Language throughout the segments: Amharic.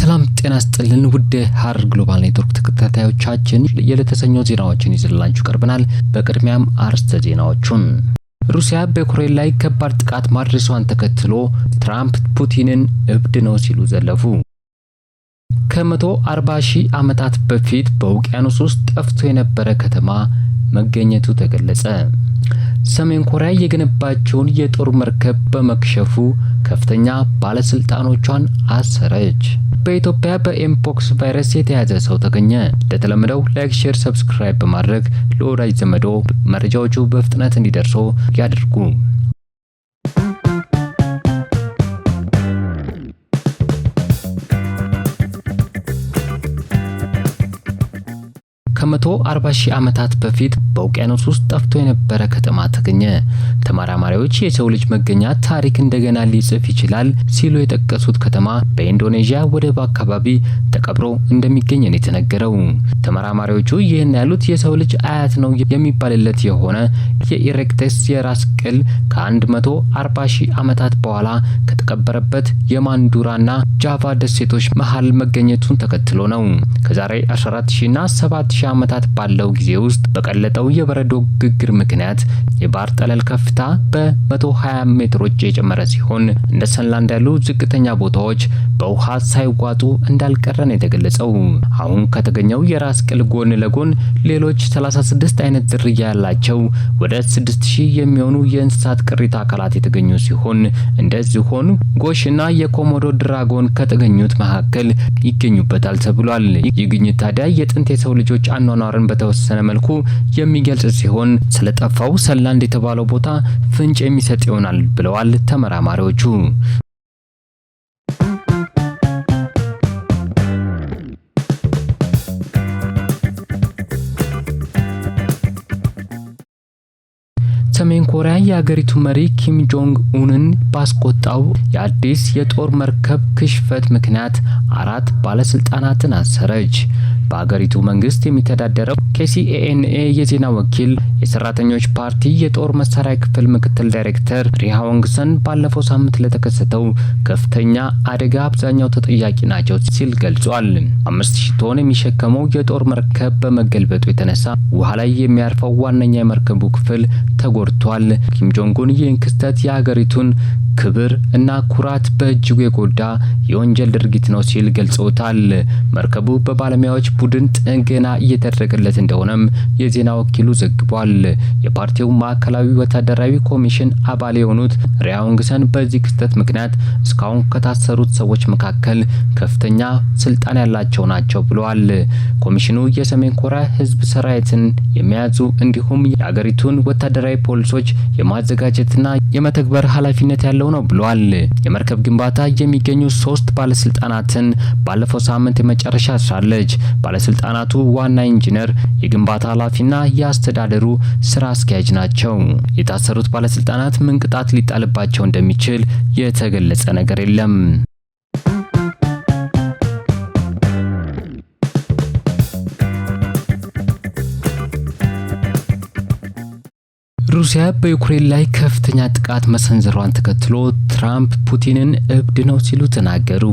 ሰላም ጤና ስጥልን ውድ ሀር ግሎባል ኔትወርክ ተከታታዮቻችን የለተሰኞ ዜናዎችን ይዘላችሁ ቀርበናል። በቅድሚያም አርዕስተ ዜናዎቹን ሩሲያ በዩክሬን ላይ ከባድ ጥቃት ማድረሷን ተከትሎ ትራምፕ ፑቲንን እብድ ነው ሲሉ ዘለፉ። ከ140 ሺህ ዓመታት በፊት በውቅያኖስ ውስጥ ጠፍቶ የነበረ ከተማ መገኘቱ ተገለጸ። ሰሜን ኮሪያ የገነባቸውን የጦር መርከብ በመክሸፉ ከፍተኛ ባለስልጣኖቿን አሰረች። በኢትዮጵያ በኤምፖክስ ቫይረስ የተያዘ ሰው ተገኘ። እንደተለመደው ላይክ፣ ሼር፣ ሰብስክራይብ በማድረግ ለወዳጅ ዘመዶ መረጃዎቹ በፍጥነት እንዲደርሱ ያድርጉ። ከ140 ሺህ ዓመታት በፊት በውቅያኖስ ውስጥ ጠፍቶ የነበረ ከተማ ተገኘ። ተመራማሪዎች የሰው ልጅ መገኛ ታሪክ እንደገና ሊጽፍ ይችላል ሲሉ የጠቀሱት ከተማ በኢንዶኔዥያ ወደብ አካባቢ ተቀብሮ እንደሚገኝ ነው የተነገረው። ተመራማሪዎቹ ይህን ያሉት የሰው ልጅ አያት ነው የሚባልለት የሆነ የኢሬክተስ የራስ ቅል ከ140 ሺህ ዓመታት በኋላ ከተቀበረበት የማንዱራና ጃቫ ደሴቶች መሃል መገኘቱን ተከትሎ ነው። ከዛሬ 140ና እና 7000 ዓመታት ባለው ጊዜ ውስጥ በቀለጠው የበረዶ ግግር ምክንያት የባህር ጠለል ከፍታ በ120 ሜትሮች የጨመረ ሲሆን እንደ ሰንላንድ ያሉ ዝቅተኛ ቦታዎች በውሃ ሳይዋጡ እንዳልቀረን የተገለጸው አሁን ከተገኘው የራስ ቅል ጎን ለጎን ሌሎች 36 አይነት ዝርያ ያላቸው ወደ 6000 የሚሆኑ የእንስሳት ቅሪተ አካላት የተገኙ ሲሆን እንደዚሆን ጎሽና የኮሞዶ ድራጎን ከተገኙት መካከል ይገኙበታል ተብሏል። ይህ ግኝት ታዲያ የጥንት የሰው ልጆች አኗ አኗኗርን በተወሰነ መልኩ የሚገልጽ ሲሆን ስለጠፋው ሰላንድ የተባለው ቦታ ፍንጭ የሚሰጥ ይሆናል ብለዋል ተመራማሪዎቹ። ሰሜን ኮሪያ የአገሪቱ መሪ ኪም ጆንግ ኡንን ባስቆጣው የአዲስ የጦር መርከብ ክሽፈት ምክንያት አራት ባለስልጣናትን አሰረች። በሀገሪቱ መንግስት የሚተዳደረው ኬሲኤንኤ የዜና ወኪል የሰራተኞች ፓርቲ የጦር መሳሪያ ክፍል ምክትል ዳይሬክተር ሪሃወንግሰን ባለፈው ሳምንት ለተከሰተው ከፍተኛ አደጋ አብዛኛው ተጠያቂ ናቸው ሲል ገልጿል። አምስት ሺ ቶን የሚሸከመው የጦር መርከብ በመገልበጡ የተነሳ ውሃ ላይ የሚያርፈው ዋነኛ የመርከቡ ክፍል ተጎድቷል። ኪም ይህን ክስተት የሀገሪቱን ክብር እና ኩራት በእጅጉ የጎዳ የወንጀል ድርጊት ነው ሲል ገልጸውታል። መርከቡ በባለሙያዎች ቡድን ጥገና እየተደረገለት እንደሆነም የዜና ወኪሉ ዘግቧል። የፓርቲው ማዕከላዊ ወታደራዊ ኮሚሽን አባል የሆኑት ግሰን በዚህ ክስተት ምክንያት እስካሁን ከታሰሩት ሰዎች መካከል ከፍተኛ ስልጣን ያላቸው ናቸው ብለዋል። ኮሚሽኑ የሰሜን ኮሪያ ሕዝብ ሰራዊትን የሚያዙ እንዲሁም የአገሪቱን ወታደራዊ ፖሊሶች የማዘጋጀትና የመተግበር ኃላፊነት ያለው ያለው ነው ብሏል። የመርከብ ግንባታ የሚገኙ ሶስት ባለስልጣናትን ባለፈው ሳምንት የመጨረሻ አስራለች። ባለስልጣናቱ ዋና ኢንጂነር፣ የግንባታ ኃላፊና የአስተዳደሩ ስራ አስኪያጅ ናቸው። የታሰሩት ባለስልጣናት ምን ቅጣት ሊጣልባቸው እንደሚችል የተገለጸ ነገር የለም። ሩሲያ በዩክሬን ላይ ከፍተኛ ጥቃት መሰንዘሯን ተከትሎ ትራምፕ ፑቲንን እብድ ነው ሲሉ ተናገሩ።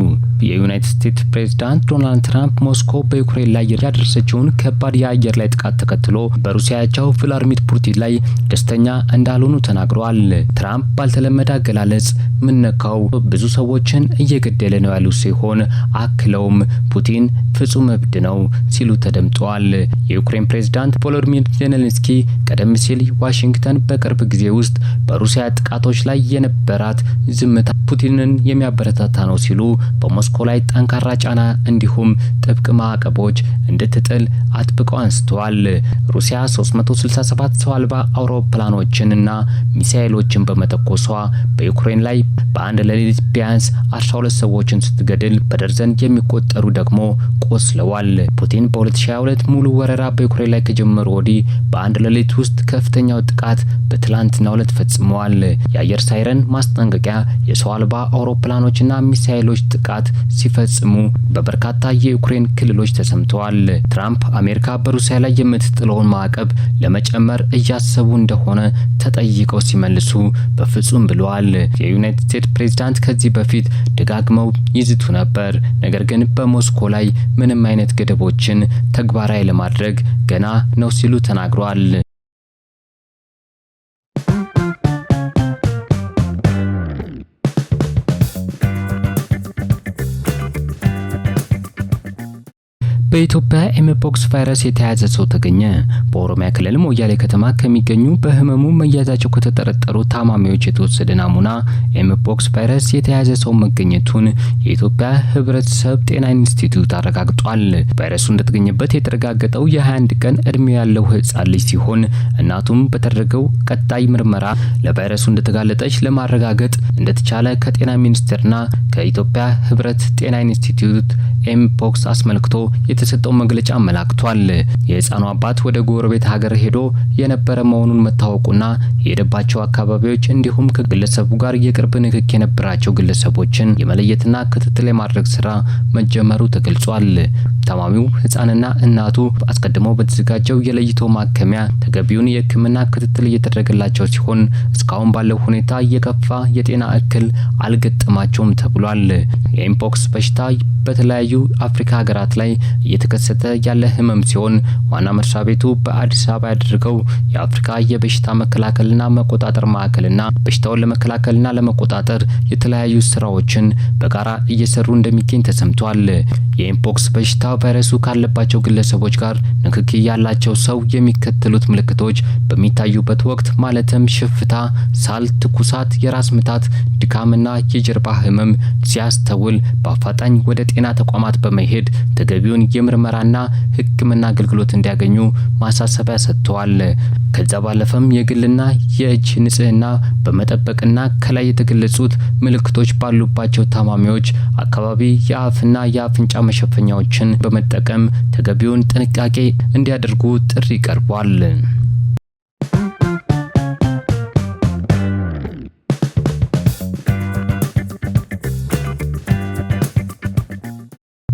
የዩናይትድ ስቴትስ ፕሬዝዳንት ዶናልድ ትራምፕ ሞስኮ በዩክሬን ላይ ያደረሰችውን ከባድ የአየር ላይ ጥቃት ተከትሎ በሩሲያቸው ቭላድሚር ፑቲን ላይ ደስተኛ እንዳልሆኑ ተናግረዋል። ትራምፕ ባልተለመደ አገላለጽ ምነካው ብዙ ሰዎችን እየገደለ ነው ያሉ ሲሆን አክለውም ፑቲን ፍጹም እብድ ነው ሲሉ ተደምጠዋል። የዩክሬን ፕሬዝዳንት ቮሎዲሚር ዜሌንስኪ ቀደም ሲል ዋሽንግተን በቅርብ ጊዜ ውስጥ በሩሲያ ጥቃቶች ላይ የነበራት ዝምታ ፑቲንን የሚያበረታታ ነው ሲሉ በሞስኮ ላይ ጠንካራ ጫና እንዲሁም ጥብቅ ማዕቀቦች እንድትጥል አጥብቀው አንስተዋል። ሩሲያ 367 ሰው አልባ አውሮፕላኖችንና ሚሳኤሎችን በመተኮሷ በዩክሬን ላይ በአንድ ሌሊት ቢያንስ 12 ሰዎችን ስትገድል በደርዘን የሚቆጠሩ ደግሞ ቆስለዋል። ፑቲን በ2022 ሙሉ ወረራ በዩክሬን ላይ ከጀመሩ ወዲህ በአንድ ሌሊት ውስጥ ከፍተኛው ጥቃት በትላንትናው ዕለት ፈጽመዋል። የአየር ሳይረን ማስጠንቀቂያ፣ የሰው አልባ አውሮፕላኖችና ሚሳይሎች ጥቃት ሲፈጽሙ በበርካታ የዩክሬን ክልሎች ተሰምተዋል። ትራምፕ አሜሪካ በሩሲያ ላይ የምትጥለውን ማዕቀብ ለመጨመር እያሰቡ እንደሆነ ተጠይቀው ሲመልሱ በፍጹም ብለዋል። የዩናይትድ ስቴትስ ፕሬዚዳንት ከዚህ በፊት ደጋግመው ይዝቱ ነበር። ነገር ግን በሞስኮ ላይ ምንም አይነት ገደቦችን ተግባራዊ ለማድረግ ገና ነው ሲሉ ተናግረዋል። በኢትዮጵያ ኤምፖክስ ቫይረስ የተያዘ ሰው ተገኘ። በኦሮሚያ ክልል ሞያሌ ከተማ ከሚገኙ በህመሙ መያዛቸው ከተጠረጠሩ ታማሚዎች የተወሰደ ናሙና ኤምፖክስ ቫይረስ የተያዘ ሰው መገኘቱን የኢትዮጵያ ህብረተሰብ ጤና ኢንስቲትዩት አረጋግጧል። ቫይረሱ እንደተገኘበት የተረጋገጠው የ21 ቀን እድሜ ያለው ህጻን ልጅ ሲሆን እናቱም በተደረገው ቀጣይ ምርመራ ለቫይረሱ እንደተጋለጠች ለማረጋገጥ እንደተቻለ ከጤና ሚኒስቴርና ከኢትዮጵያ ህብረት ጤና ኢንስቲትዩት ኤምፖክስ አስመልክቶ የተሰጠው መግለጫ አመላክቷል። የህፃኑ አባት ወደ ጎረቤት ሀገር ሄዶ የነበረ መሆኑን መታወቁና የሄደባቸው አካባቢዎች እንዲሁም ከግለሰቡ ጋር የቅርብ ንክክ የነበራቸው ግለሰቦችን የመለየትና ክትትል የማድረግ ስራ መጀመሩ ተገልጿል። ታማሚው ህፃንና እናቱ አስቀድሞ በተዘጋጀው የለይቶ ማከሚያ ተገቢውን የህክምና ክትትል እየተደረገላቸው ሲሆን እስካሁን ባለው ሁኔታ የከፋ የጤና እክል አልገጠማቸውም ተብሏል። የኢምፖክስ በሽታ በተለያዩ አፍሪካ ሀገራት ላይ እየተከሰተ ያለ ህመም ሲሆን ዋና መርሻ ቤቱ በአዲስ አበባ ያደረገው የአፍሪካ የበሽታ መከላከልና መቆጣጠር ማዕከልና በሽታውን ለመከላከልና ለመቆጣጠር የተለያዩ ስራዎችን በጋራ እየሰሩ እንደሚገኝ ተሰምቷል። የኢምፖክስ በሽታ ቫይረሱ ካለባቸው ግለሰቦች ጋር ንክኪ ያላቸው ሰው የሚከተሉት ምልክቶች በሚታዩበት ወቅት ማለትም ሽፍታ፣ ሳል፣ ትኩሳት፣ የራስ ምታት፣ ድካምና የጀርባ ህመም ሲያስተውል በአፋጣኝ ወደ ጤና ተቋማት በመሄድ ተገቢውን የ የምርመራና ሕክምና አገልግሎት እንዲያገኙ ማሳሰቢያ ሰጥተዋል። ከዛ ባለፈም የግልና የእጅ ንጽህና በመጠበቅና ከላይ የተገለጹት ምልክቶች ባሉባቸው ታማሚዎች አካባቢ የአፍና የአፍንጫ መሸፈኛዎችን በመጠቀም ተገቢውን ጥንቃቄ እንዲያደርጉ ጥሪ ቀርቧል።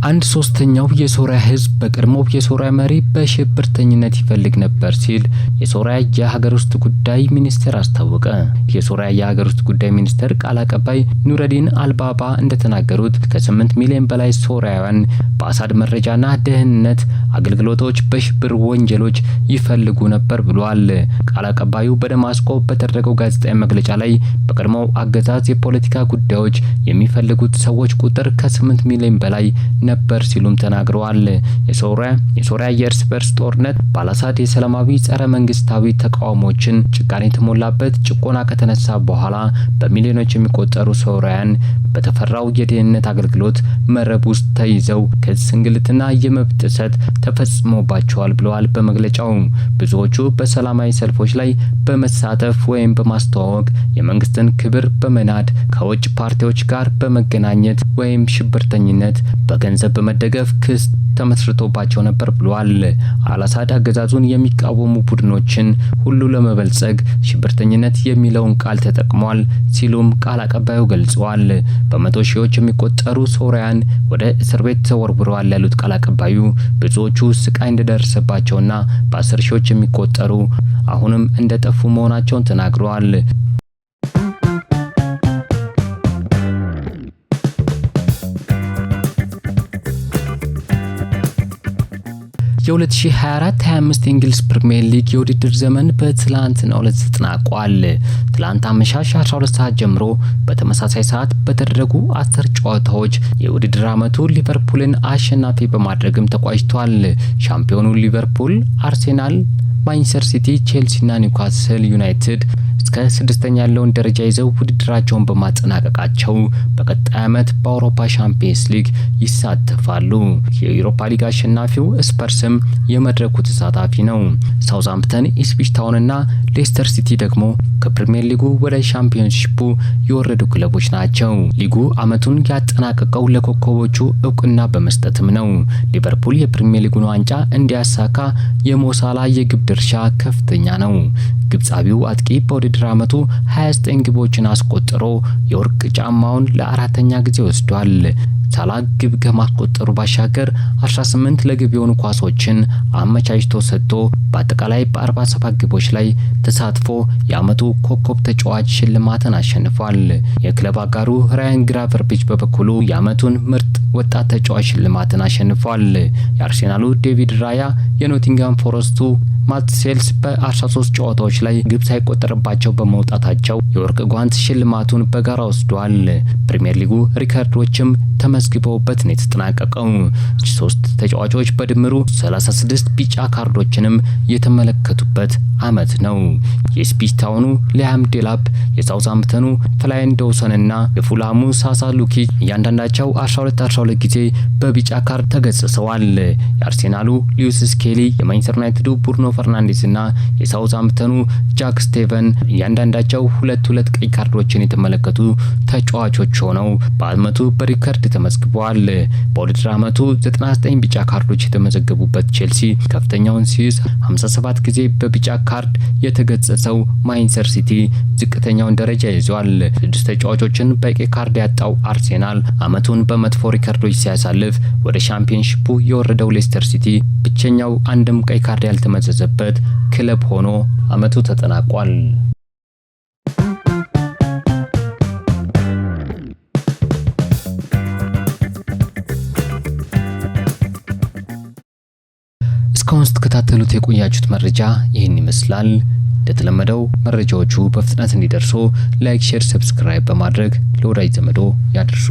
አንድ ሶስተኛው የሶሪያ ህዝብ በቀድሞው የሶሪያ መሪ በሽብርተኝነት ይፈልግ ነበር ሲል የሶሪያ የሀገር ውስጥ ጉዳይ ሚኒስቴር አስታወቀ። የሶሪያ የሀገር ውስጥ ጉዳይ ሚኒስቴር ቃል አቀባይ ኑረዲን አልባባ እንደተናገሩት ከ8 ሚሊዮን በላይ ሶሪያውያን በአሳድ መረጃና ደህንነት አገልግሎቶች በሽብር ወንጀሎች ይፈልጉ ነበር ብሏል። ቃል አቀባዩ በደማስቆ በተደረገው ጋዜጣዊ መግለጫ ላይ በቀድሞው አገዛዝ የፖለቲካ ጉዳዮች የሚፈልጉት ሰዎች ቁጥር ከ8 ሚሊዮን በላይ ነው ነበር ሲሉም ተናግረዋል። የሶሪያ የሶሪያ የእርስ በርስ ጦርነት ባላሳድ የሰላማዊ ጸረ መንግስታዊ ተቃውሞችን ጭቃን የተሞላበት ጭቆና ከተነሳ በኋላ በሚሊዮኖች የሚቆጠሩ ሶሪያን በተፈራው የደህንነት አገልግሎት መረብ ውስጥ ተይዘው ክስ፣ እንግልትና የመብት ጥሰት ተፈጽሞባቸዋል ብለዋል በመግለጫው። ብዙዎቹ በሰላማዊ ሰልፎች ላይ በመሳተፍ ወይም በማስተዋወቅ የመንግስትን ክብር በመናድ ከውጭ ፓርቲዎች ጋር በመገናኘት ወይም ሽብርተኝነት በገንዘብ ገንዘብ በመደገፍ ክስ ተመስርቶባቸው ነበር ብሏል። አላሳድ አገዛዙን የሚቃወሙ ቡድኖችን ሁሉ ለመበልጸግ ሽብርተኝነት የሚለውን ቃል ተጠቅሟል ሲሉም ቃል አቀባዩ ገልጸዋል። በመቶ ሺዎች የሚቆጠሩ ሶሪያን ወደ እስር ቤት ተወርውረዋል ያሉት ቃል አቀባዩ ብዙዎቹ ስቃይ እንደደረሰባቸውና በአስር ሺዎች የሚቆጠሩ አሁንም እንደጠፉ መሆናቸውን ተናግረዋል። የ2024-25 የእንግሊዝ ፕሪምየር ሊግ የውድድር ዘመን በትላንትናው ዕለት ተጠናቋል። ትላንት አመሻሽ 12 ሰዓት ጀምሮ በተመሳሳይ ሰዓት በተደረጉ አስር ጨዋታዎች የውድድር ዓመቱ ሊቨርፑልን አሸናፊ በማድረግም ተቋጭቷል። ሻምፒዮኑ ሊቨርፑል፣ አርሴናል፣ ማንቸስተር ሲቲ፣ ቼልሲና ኒውካስል ዩናይትድ እስከ ስድስተኛ ያለውን ደረጃ ይዘው ውድድራቸውን በማጠናቀቃቸው በቀጣይ ዓመት በአውሮፓ ሻምፒየንስ ሊግ ይሳተፋሉ። የዩሮፓ ሊግ አሸናፊው ስፐርስም የመድረኩ ተሳታፊ ነው። ሳውዛምፕተን፣ ታውን ታውንና ሌስተር ሲቲ ደግሞ ከፕሪምየር ሊጉ ወደ ሻምፒዮንሺፑ የወረዱ ክለቦች ናቸው። ሊጉ አመቱን ያጠናቀቀው ለኮከቦቹ እውቅና በመስጠትም ነው። ሊቨርፑል የፕሪምየር ሊጉን ዋንጫ እንዲያሳካ የሞሳላ የግብ ድርሻ ከፍተኛ ነው። ግብጻዊው አጥቂ በውድድር በ19 ዓመቱ 29 ግቦችን አስቆጥሮ የወርቅ ጫማውን ለአራተኛ ጊዜ ወስዷል። ሳላ ግብ ከማስቆጠሩ ባሻገር 18 ለግብ የሆኑ ኳሶችን አመቻችቶ ሰጥቶ በአጠቃላይ በ47 ግቦች ላይ ተሳትፎ የዓመቱ ኮከብ ተጫዋች ሽልማትን አሸንፏል። የክለብ አጋሩ ራያን ግራቨርቢች በበኩሉ የዓመቱን ምርጥ ወጣት ተጫዋች ሽልማትን አሸንፏል። የአርሴናሉ ዴቪድ ራያ፣ የኖቲንጋም ፎረስቱ ሴልስ በ13 ጨዋታዎች ላይ ግብ ሳይቆጠርባቸው በመውጣታቸው የወርቅ ጓንት ሽልማቱን በጋራ ወስዷል። ፕሪምየር ሊጉ ሪከርዶችም ተመ ተመዝግበውበት ነው የተጠናቀቀው። ሶስት ተጫዋቾች በድምሩ 36 ቢጫ ካርዶችንም የተመለከቱበት አመት ነው። የኢፕስዊች ታውኑ ሊያም ዴላፕ፣ የሳውዝሃምፕተኑ ፍላይን እና የፉልሃሙ ሳሳ ሉኪች እያንዳንዳቸው 12 12 ጊዜ በቢጫ ካርድ ተገጽሰዋል። የአርሴናሉ ሊዩስ ስኬሊ፣ የማንቸስተር ዩናይትዱ ቡርኖ እና የሳውዝሃምፕተኑ ጃክ ስቴቨን እያንዳንዳቸው ሁለት ሁለት ቀይ ካርዶችን የተመለከቱ ተጫዋቾች ሆነው በአመቱ በሪከርድ ተመ አስመዝግበዋል። በውድድር ዓመቱ 99 ቢጫ ካርዶች የተመዘገቡበት ቼልሲ ከፍተኛውን ሲይዝ 57 ጊዜ በቢጫ ካርድ የተገጸሰው ማንቸስተር ሲቲ ዝቅተኛውን ደረጃ ይዟል። ስድስት ተጫዋቾችን በቀይ ካርድ ያጣው አርሴናል ዓመቱን በመጥፎ ሪከርዶች ሲያሳልፍ ወደ ሻምፒዮንሺፑ የወረደው ሌስተር ሲቲ ብቸኛው አንድም ቀይ ካርድ ያልተመዘዘበት ክለብ ሆኖ ዓመቱ ተጠናቋል። እስካሁን ስትከታተሉት የቆያችሁት መረጃ ይህን ይመስላል። እንደተለመደው መረጃዎቹ በፍጥነት እንዲደርሱ ላይክ፣ ሼር፣ ሰብስክራይብ በማድረግ ለወዳጅ ዘመዶ ያደርሱ።